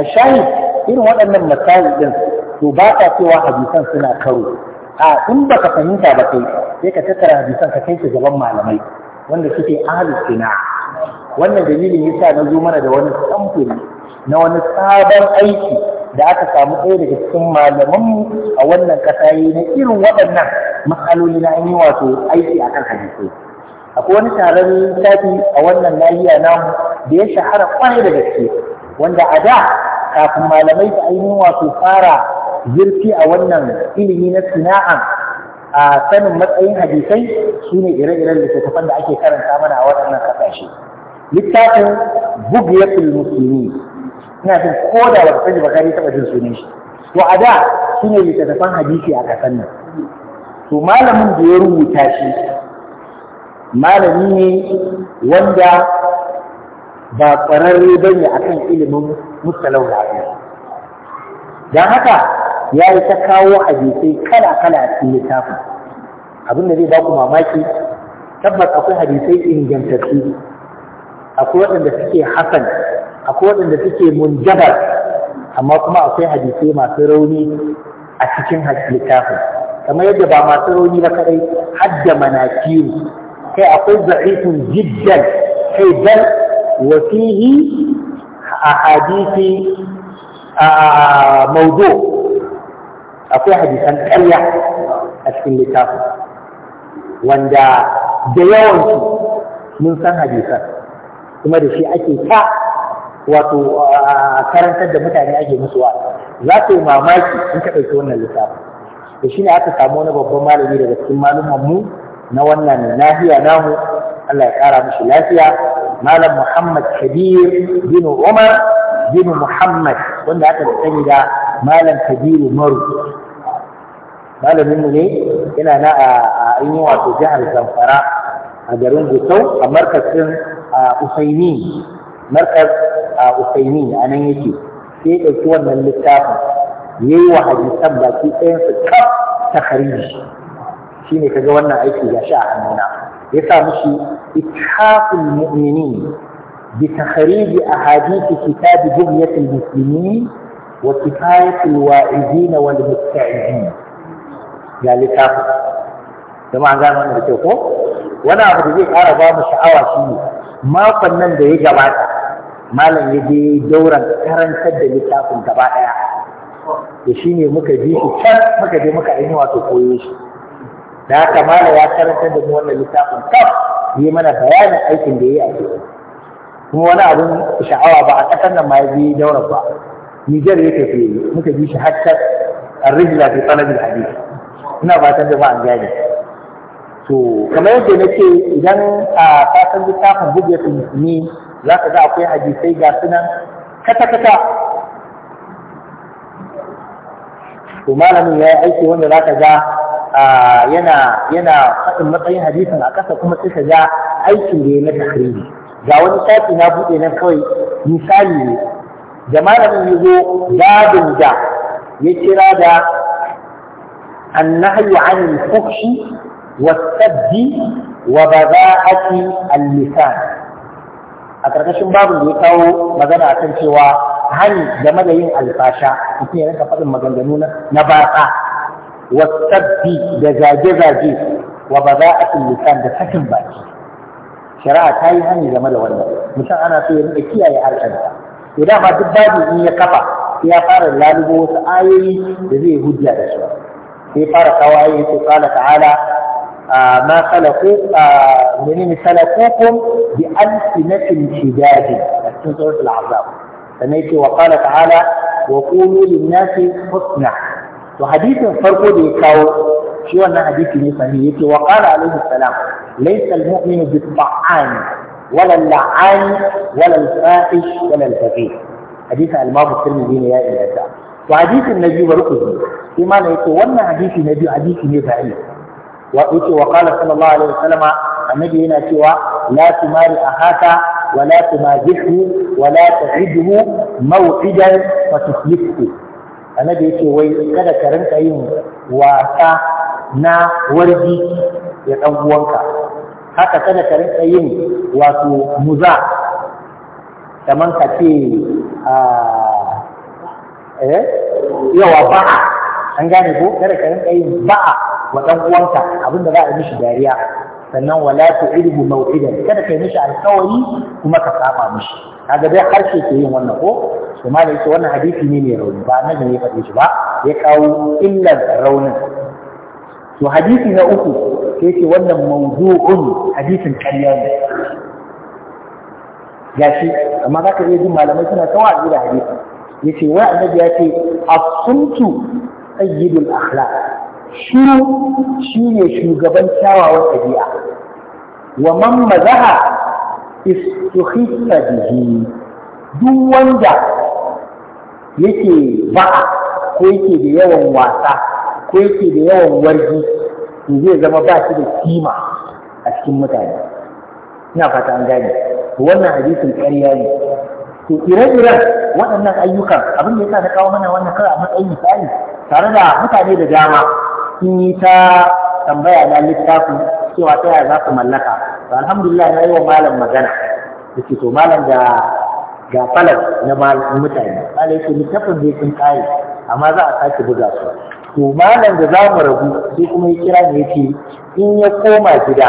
a shayi irin waɗannan misali din to ba ta cewa hadisan suna karo a in baka fahimta ba kai sai ka tattara hadisan ka kai su gaban malamai wanda suke ahlus sina wannan dalilin yasa na zo mana da wani samfuri na wani sabon aiki da aka samu ɗaya daga cikin malaman a wannan ƙasa yi na irin waɗannan matsaloli na yi wato aiki a kan hadisai akwai wani taron shafi a wannan nahiya namu da ya shahara kwarai da gaske wanda a da kafin malamai su ainihin wato fara zurfi a wannan ilimi na sina'a a sanin matsayin hadisai su ne ire-iren littattafan da ake karanta mana a waɗannan ƙasashe. Littafin Bugiyatul Musulmi, ina jin ko da wata ba bakari taɓa jin sunan shi. To a da su ne littattafan hadisi a ƙasar nan. To malamin da ya rubuta shi, malami ne wanda ba ƙwararre ba ne kan ilimin musalau da don haka ya yi ta kawo hadisai kala kala a cikin littafin abin da zai ba ku mamaki tabbas akwai hadisai ingantattu akwai waɗanda suke hasan akwai waɗanda suke munjabar amma kuma akwai hadisai masu rauni a cikin littafin kamar yadda ba masu rauni ba kadai har da kai akwai za'ifin jiddan kai dan wasihi a hadisi a maudu akwai hadisan ƙarya a cikin littafin wanda da yawansu mun san hadisan kuma da shi ake ta wato karantar da mutane ake musu wa za su yi mamaki in ka ɗauki wannan littafin da shi ne aka samu wani babban malami daga cikin malumman mu na wannan nahiya namu Allah ya ƙara mishi lafiya malam Muhammad Kabir bin Umar bin Muhammad wanda aka sani da malam Kabiru Maru malamin mu ne ina na a an yi wato jihar zamfara a garin gusau a markazin usaini markaz usaini a nan yake sai ɗauki wannan littafin ya yi wa hadisan baki ɗayansu kaf ta khariji shi ne kaga wannan aiki ya sha a hannuna ya sa mushi ithaful mu'minin bi takhrij ahadith kitab bughyatil muslimin wa kifayatil wa'izin wal musta'izin ga littafin kuma an gano wannan da kyau ko wani abu da zai ƙara ba mu sha'awa shi ne makon nan da ya gabata malam ya je dauran karantar da littafin gaba ɗaya da shi ne muka bi shi can muka je muka ainihin wato koyo shi da haka malam ya karantar da mu wannan littafin kaf yi mana bayanin aikin da ya yi a cikin kuma wani abin sha'awa ba a ƙasar nan ma ya je dauran ba Nijar ya tafi muka bi shi har can الرجل في طلب الحديث ina fatan da ba an gane to kamar yadda na ce idan a fatan littafin hujjatul musulmi za ka ga akwai hadisai ga sunan kata-kata to malamin ya yi aiki wanda za ka ga yana yana faɗin matsayin hadisin a ƙasa kuma sai ka ga aikin da ya na tahriri ga wani sati na buɗe nan kawai misali ne da malamin ya zo babin da ya kira da النهي عن الفحش والسب وبذاءة اللسان a ƙarƙashin babin da ya kawo magana a kan cewa hani game da yin alfasha mutum ya rinka faɗin maganganu na baƙa. wasabbi da zage-zage wa ba za a lisan da sakin baki shari'a ta yi hani game da wannan mutum ana so ya rinka kiyaye harshensa to dama duk babu in ya kafa ya fara lalubo wasu ayoyi da zai hujja da su في فرق وايه قال تعالى آه ما خلقوا آه من خلقوكم بألسنة شداد لكن سورة العذاب سميتي وقال تعالى وقولوا للناس حسنى وحديث فرق بيكاو شو أن حديث يسمي وقال عليه السلام ليس المؤمن بالطعان ولا اللعان ولا الفاحش ولا الفقير حديث الماضي الترمذي يا إلى الدار to hadisin na biyu bari ku ji sai ma yake wannan hadisi na biyu hadisi ne sahihi wa yace wa qala sallallahu alaihi wasallama annabi yana cewa la tumari ahaka wa la tumajihu wa la ta'idhu maw'idan fa tusliku annabi yace wai kada ka rinka yin wasa na wargi ya dan uwanka haka kada ka rinka yin wato muza kamar ka ce a ah, eh yawa ba'a an gane ko kada ka rinka yin ba'a wa dan uwanka abinda za a mishi dariya sannan wala tu'idhu maw'idan kada ka yi mishi alkawari kuma ka saba mishi kaga dai harshe ke yin wannan ko to malai ce wannan hadisi ne mai rauni ba na ne faɗe shi ba ya kawo illar raunin to hadisi na uku sai ce wannan mawdu'un hadisin karya ne gashi amma za ka iya jin malamai suna tawa da hadisi yace wai annabi ya ce asuntu sayyidul akhlaq shi shine shugaban kyawawan ɗabi'a wa man mazaha istuhissa bihi duk wanda yake ba'a ko yake da yawan wasa ko yake da yawan wargi to zai zama ba shi da kima a cikin mutane ina fata an gane wannan hadisin ƙarya ne to ire-iren waɗannan ayyukan abin da sa na kawo mana wannan kawai a matsayin misali tare da mutane da dama sun yi ta tambaya na littafin cewa ta yaya za su mallaka to alhamdulillah na yi wa malam magana da to malam da ga na mutane malam yake littafin zai sun kare amma za a sake buga su to malam da za mu rabu sai kuma ya kira ne yake in ya koma gida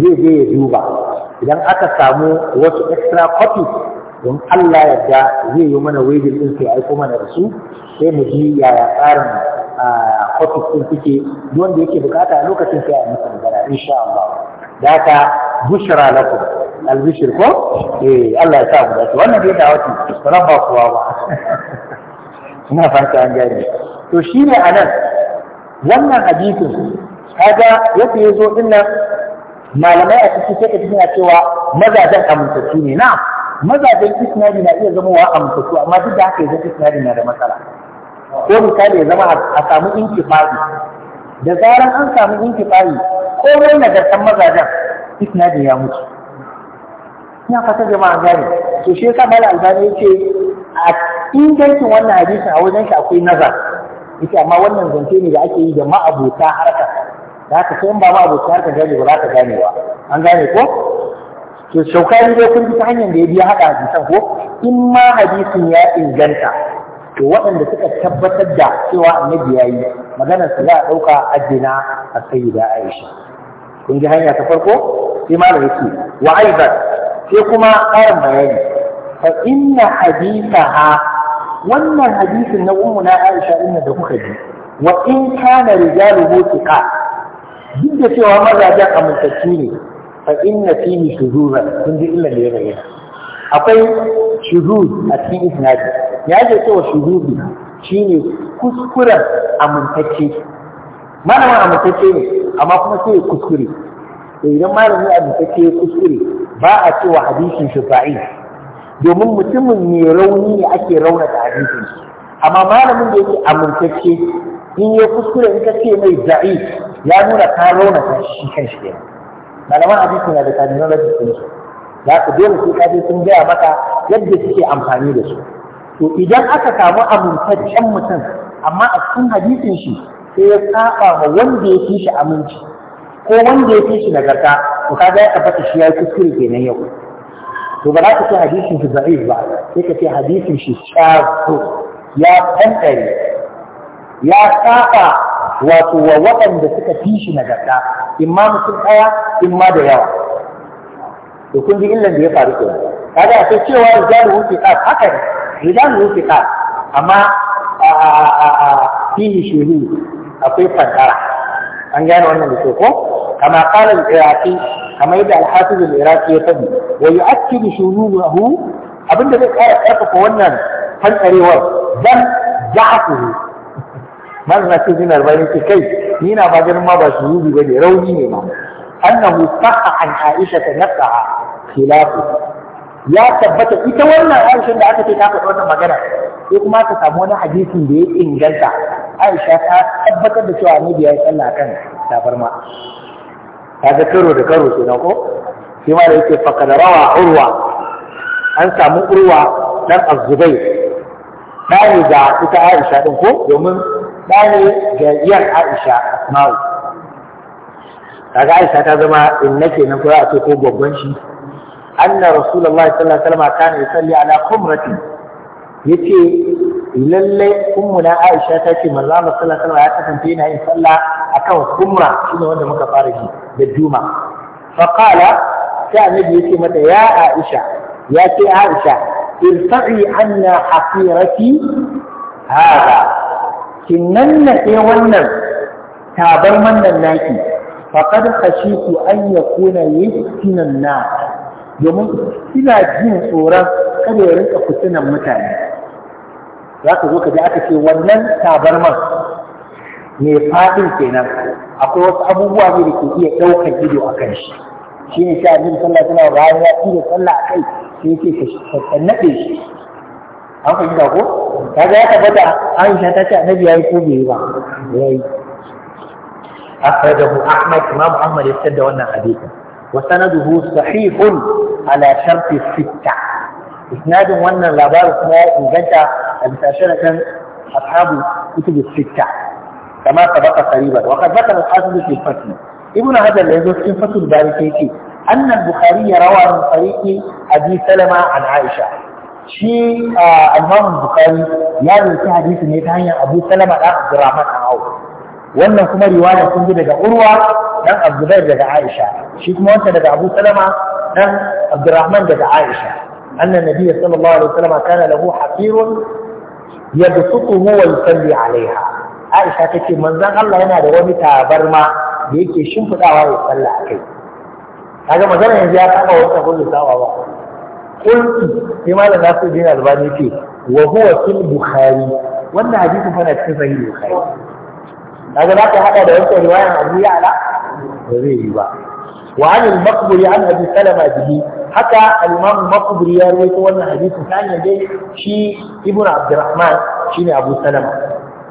zai je ya duba idan aka samu wasu extra copies don Allah ya da zai yi mana wajen din sai aiko mana da su sai mu ji yaya tsarin ofis din suke wanda yake bukata a lokacin sai a masa magana insha Allah da haka bushra lakum albishir ko eh Allah ya sa mu dace wannan dai da wata sanan ba kowa ba ina fata an gane to shine anan wannan hadisin kaga yake yazo din malamai a cikin sai ka tuna cewa mazajen amintattu ne na mazajen isnadi na iya zama wa mutu amma duk da haka ya zama na da matsala ko misali ya zama a samu fari da zaran an samu fari ko wani nagartan mazajen isnadi ya mutu ina fata jama'a gane to shi yasa mala albani ce a ingancin wannan hadisin a wajen shi akwai nazar yace amma wannan zance ne da ake yi da ma'abota harka da haka sai in ba ma'abota harka gane ba za ka gane ba an gane ko to shaukari dai kun bi ta hanyar da ya biya haɗa hadisan ko in ma hadisin ya inganta to waɗanda suka tabbatar da cewa annabi ya yi maganar su za a ɗauka ajina a sayyida aisha kun ji hanya ta farko sai malam yake wa sai kuma ƙarin bayani fa inna hadithaha wannan hadisin na ummu na aisha din da kuka ji wa in kana rijaluhu thiqa duk da cewa mazajen amintacci ne fa inna fihi shuzuzan kun ji illa da ya bayyana akwai shuzuz a cikin isnadi ya ce cewa shuzuzi shine kuskuren amintacce malamin amintacce ne amma kuma sai kuskure to idan malamin amintacce ya kuskure ba a cewa hadisin shafa'i domin mutumin mai rauni ne ake raunata hadisin shi amma malamin da yake amintacce in ya kuskure in ka ce mai za'i, ya nuna ka ta shi kan shi kenan malaman hadisi na da terminology sun su za ku dole sai kaje sun gaya maka yadda suke amfani da su to idan aka samu amintaccen mutum amma a cikin hadisin shi sai ya saba ma wanda ya fi shi aminci ko wanda ya fi shi nagarta to kaga ya tabbata shi ya kuskure kenan yau to ba za ka ce hadisin shi da'if ba sai ka ce hadisin shi shazu ya tantare ya saba wato wa waɗanda suka fi shi nagarta in ma mutum ɗaya in ma da yawa to kun ji illan da ya faru kenan kaga akwai cewa rijalu wuce ka haka ne rijalu wuce ka amma fihi shuhu akwai fantara an gane wannan da ko kama qala al-iraqi kama yadda al-hafiz al-iraqi ya tabi wa yu'akkidu shunuhu abinda zai ƙara ƙarfafa wannan fantarewar dan da'afuhu malam na cikin albani ce kai ni na ba ganin ma ba su yi ba ne rauni ne ma annahu saha an aisha ta naqaha khilafu ya tabbata ita wannan aisha da aka ce ta faɗi wannan magana sai kuma aka samu wani hadisin da ya inganta aisha ta tabbatar da cewa annabi ya yi sallah kan tabarma ta ga karo da karo kenan ko shi ma da yake fakad urwa an samu urwa dan azubai ta ne ga ita aisha din ko domin ɗa ne ga iyar Aisha Asma'u kaga Aisha ta zama in nake nan ko a ce ko gwaggon shi anna rasulullahi sallallahu alaihi wasallam kana yusalli ala khumrati yace lallai ummuna Aisha ta ce manzo Allah sallallahu alaihi wasallam ya kasance yana yin sallah akan khumra shine wanda muka fara ji da juma fa qala sai annabi yace mata ya Aisha ya ce Aisha irfa'i anna hafirati hada ki nannaɗe wannan tabar wannan naki faƙar hashiku an ya kuna yaskinan na domin kina jin tsoron kada ya rinka fitinan mutane za ka zo ka ji aka ce wannan tabarman mai faɗin kenan akwai wasu abubuwa ne da ke iya ɗaukar ido a kan shi shi ne sha annabi sallallahu alaihi wasallam bayan ya da sallah a kai sai ka naɗe shi an fahimta ko kaga ya tabbata Aisha ta ce annabi yayi ko bai ba yayi akhrajahu Ahmad Imam Ahmad ya da wannan hadisin wa sanaduhu sahihun ala sharti sitta isnadin wannan labarin kuma ya inganta a bisa sharaɗin ashabu kutubu sitta kama sabaka qariban wa qad zakara al-hafiz fi al-fath ibn hajar yazo cikin fatul bari yake anna al ya rawa min tariqi abi salama an aisha shi al bukari Bukhari ya rubuta hadisi ne ta hanyar Abu Salama da Abdurrahman Awu wannan kuma riwaya sun bi daga Urwa dan Abdullahi daga Aisha shi kuma wanda daga Abu Salama dan Abdurrahman daga Aisha annan nabi sallallahu alaihi wasallam kana lahu hafirun yabsutuhu wa yusalli alaiha Aisha tace manzon Allah yana da wani tabarma da yake shimfidawa ya salla akai kaga magana yanzu ya taba wata gudu sawa ba kulki sai malam Nasiru bin albani ce wa huwa fil bukhari wannan hadisin fa na cikin sahih bukhari kaga za ka hada da wancan riwayar abu ya'la ba zai yi ba wa an al-maqburi an abi salama haka al ya rawaito wannan hadisin ta hanyar dai shi ibnu abdurrahman shine abu salama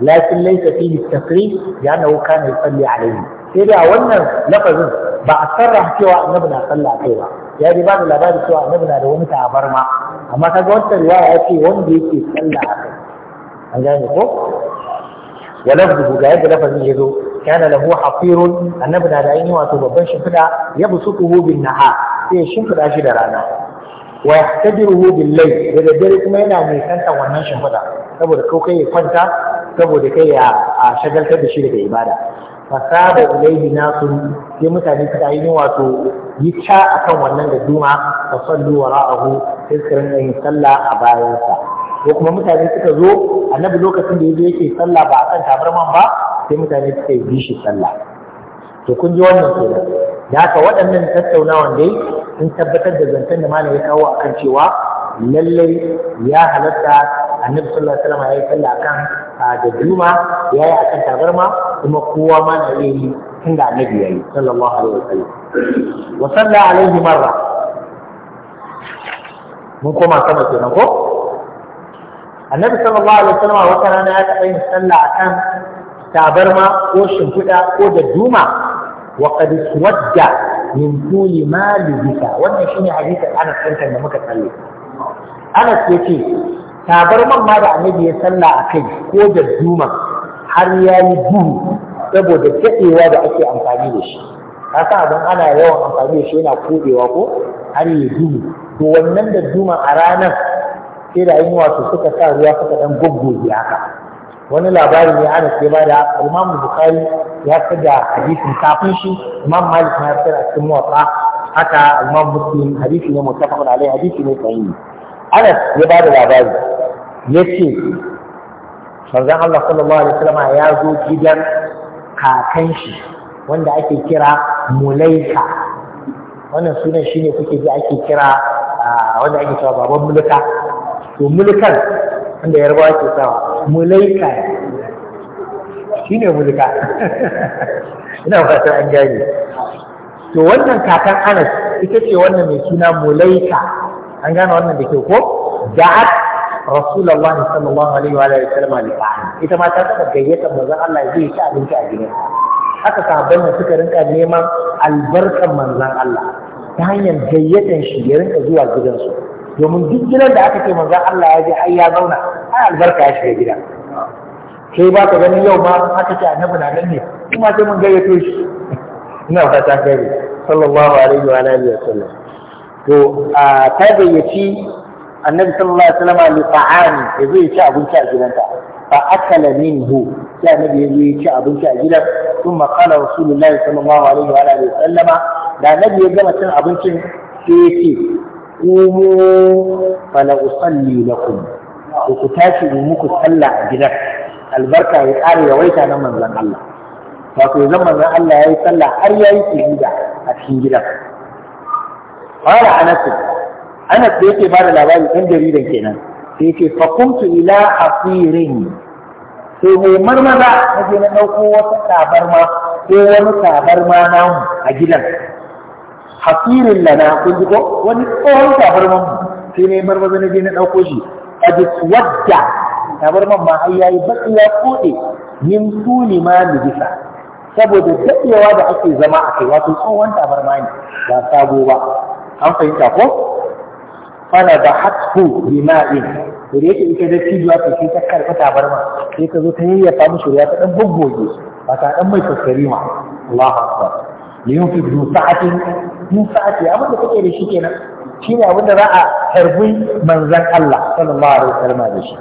lakin laysa fihi ya na ya annahu kana yusalli alayhi sai da wannan lafazin ba a sarrafa cewa annabi na sallah kai ba ya ji ba da labari cewa annabi na da wani tabarma amma kaga wannan riwaya ya ce wanda yake sallah akai an gane ko wa lafzuhu ga yadda lafazin ya zo kana lahu hafirun annabi na da ainihi wato babban shimfiɗa ya busutuhu bin naha sai ya shimfiɗa shi da rana wa yahtajiruhu bil lai? da daddare kuma yana mai santa wannan shimfiɗa saboda ko kai ya kwanta saboda kai ya shagaltar da shi daga ibada fasada ilaihi nasu sai mutane suka yi wato yi ca akan wannan da duma fa sallu wara'ahu sai suka rinka yin sallah a sa ko kuma mutane suka zo annabi lokacin da yaje yake sallah ba akan tabarman ba sai mutane suka yi bishi sallah to kun ji wannan kenan da haka waɗannan tattaunawan dai sun tabbatar da zancen da malam ya kawo akan cewa lallai ya halatta annabi sallallahu alaihi wasallam ya yi sallah akan ah, da juma ya yi akan tabarma kuma kowa ma na iya yi tunda annabi ya yi sallallahu alaihi wasallam wa salla alaihi marra mun koma sama kenan ko annabi sallallahu alaihi wasallam wata rana ya taɓa yin sallah akan tabarma ko shimfiɗa ko da duma wa qad suwadda min tuli ma libisa wannan shine hadisin Anas ɗinkan da muka tsalle Anas ce. tabarman ma da annabi ya sallah a kai ko da duma har ya yi duhu saboda kaɗewa da ake amfani da shi ka sa abin ana yawan amfani da shi yana koɗewa ko har ya duhu to wannan da duma a ranar sai da yin wato suka sa ruwa suka ɗan goggoge haka wani labari ne ana ke ba da imam bukari ya fi da hadisin kafin shi imam malik ya fitar a cikin motsa haka imam muslim hadisi ne mutafakun alai hadisi ne sahihi anas ya ba da labari ya ce manzon Allah sallallahu alaihi wasallam ya zo gidan kakan shi wanda ake kira mulaika wannan sunan shi ne kuke ji ake kira wanda ake cewa baban mulka to mulkan wanda yarbawa ke sawa mulaika Shi ne mulka ina fatan an gane to wannan kakan Anas ita ce wannan mai suna mulaika an gane wannan da ke ko Da a rasulallah sallallahu alaihi wa alihi da li ita ma ta taba gayyatar manzon Allah ya yi ta abinci a gidan haka sahabban da suka rinka neman albarkan manzon Allah ta hanyar gayyatan shi ya rinka zuwa gidansu domin duk gidan da aka ce manzon Allah ya je ai ya zauna ai albarka ya shiga gida sai ba ka ganin yau ma aka ce annabi na nan ne kuma sai mun gayyato shi ina fata kai sallallahu alaihi wa alihi sallam to a ta gayyaci annabi sallallahu alaihi wasallam li ta'ami ya zo ya ci abinci a gidanta fa akala minhu sai annabi ya zo ya ci abinci a gidan thumma qala rasulullahi sallallahu alaihi wa alihi wasallama da annabi ya gama cin abincin sai ya ce qumu fala usalli lakum ku ku tashi in muku sallah a gidan albarka ya ƙara yawaita na manzon Allah wato ya zama manzon Allah ya yi sallah har ya yi sujuda a cikin gidan qala anas anas da yake bada labari ɗan jaridan kenan sai yake fa kuntu ila asirin sai mai marmaza na je na ɗauko wata tabarma ko wani tabarma namu a gidan hasirin lana kun ji ko wani tsohon tabarman mu sai ne marmaza na je na ɗauko shi a wadda tabarman ma ai yayi baki ya koɗe, min suni ma bisa saboda daɗewa da ake zama a kai wato tsohon tabarma ne ba sabo ba an fahimta ko fana da hatu bima'in to da yake ita da cibiya to sai ta karɓi tabarma sai ka zo ta yi yayyafa musu shirya ta ɗan bubboge ba ta ɗan mai fuskari ma Allahu akbar liyun fi du sa'atin min sa'ati abin da kake da shi kenan shine abin da za a harbi manzon Allah sallallahu alaihi wasallam da shi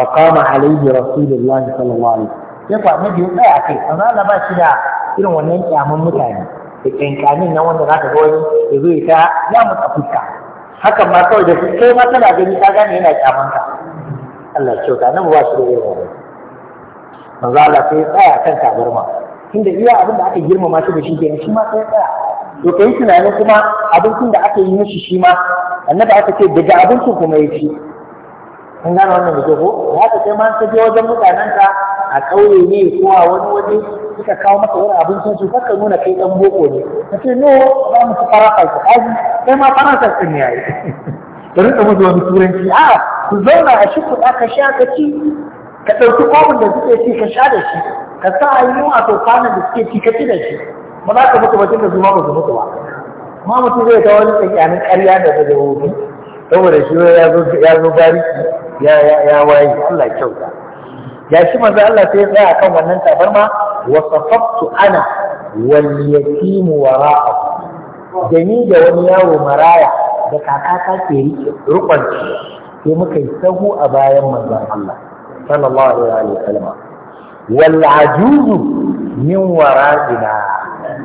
fa qama alaihi rasulullahi sallallahu alaihi wasallam ya fa nabi ya tsaya kai amma Allah ba shi da irin wannan kyaman mutane da ƙanƙani nan wanda za ta ga wani ya zo ya ta yamun fuska hakan ma kawai da kai ma tana gani ta gane yana kyamanka Allah ya kyauta nan ba shi da irin ba manzo Allah sai ya tsaya kan tabarma tunda iya abin da aka girmama shi da shi kenan shi ma sai ya tsaya to kai tunanin kuma abincin da aka yi mishi shi ma annabi aka ce daga abincin kuma ya ci kun gane wannan da ko ya haka sai ma ta je wajen mutanenka a ƙauye ne ko a wani waje suka kawo maka wani abincin su kakka nuna kai ɗan boko ne ka ce no ba mu ci fara ka kai kai ma fara ɗin ya yayi ka rinka mu wani turanci a ku zauna a shi kuɗa ka sha ka ci ka ɗauki kofin da suke ci ka sha da shi ka sa a yi a da suke ci ka ci da shi ba za ka mutu ba tun da su ma ba su mutu ba amma zai ta wani tsakanin ƙarya da ta zai saboda shi ya zo ya zo bariki ya ya ya waye Allah kyauta ya shi manzo Allah sai ya tsaya akan wannan tabarma wa safaftu ana wal yatim wara'a da ni da wani yaro maraya da kakata ke rukon sai muka yi sahu a bayan manzon Allah sallallahu alaihi wa sallam wal ajuzu min wara'ina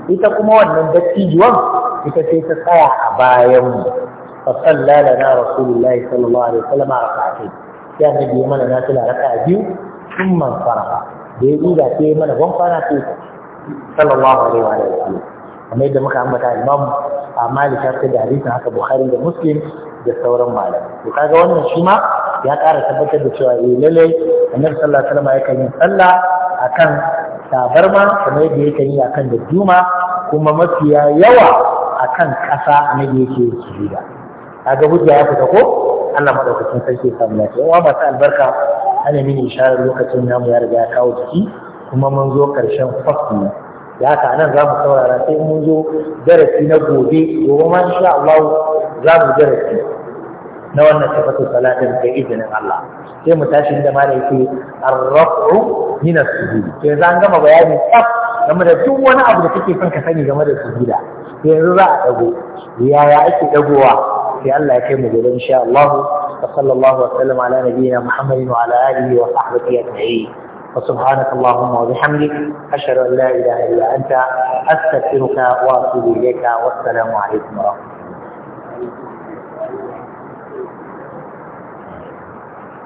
ita kuma wannan dattijuwan ita sai ta tsaya a bayan mu فصلى لنا رسول الله صلى الله عليه وسلم ركعتين يا نبي من نازل ركعة بيو ثم انصرف بيجي ذا كي من هم فانا صلى الله عليه وآله وسلم kamar yadda muka ambata imam a malik ya da hadisin haka Buhari da muslim da sauran malam to kaga wannan shi ma ya ƙara tabbatar da cewa eh lalle annabi sallallahu alaihi wasallam yakan yi sallah akan tabarma kamar yadda yakan yi akan da juma. kuma mafiya yawa akan ƙasa na yake sujuda kaga hujja ya fita ko Allah madaukakin sarki ya samu lafiya wa masu albarka ana mini isharar lokacin namu ya riga ya kawo jiki kuma mun zo karshen fasli da haka nan za mu saurara sai mun zo darasi na gobe gobe ma insha Allah za mu darasi na wannan sifatu salatin da izinin Allah sai mu tashi inda ma yake ar-raf'u min as-sujud sai za an gama bayani tsaf game da duk wani abu da kake son ka sani game da sujuda sai yanzu za a dago yaya ake dagowa في الله يكرم بقول ان شاء الله وصلى الله وسلم على نبينا محمد وعلى اله وصحبه اجمعين وسبحانك اللهم وبحمدك اشهد ان لا اله الا انت استغفرك واتوب اليك والسلام عليكم ورحمه الله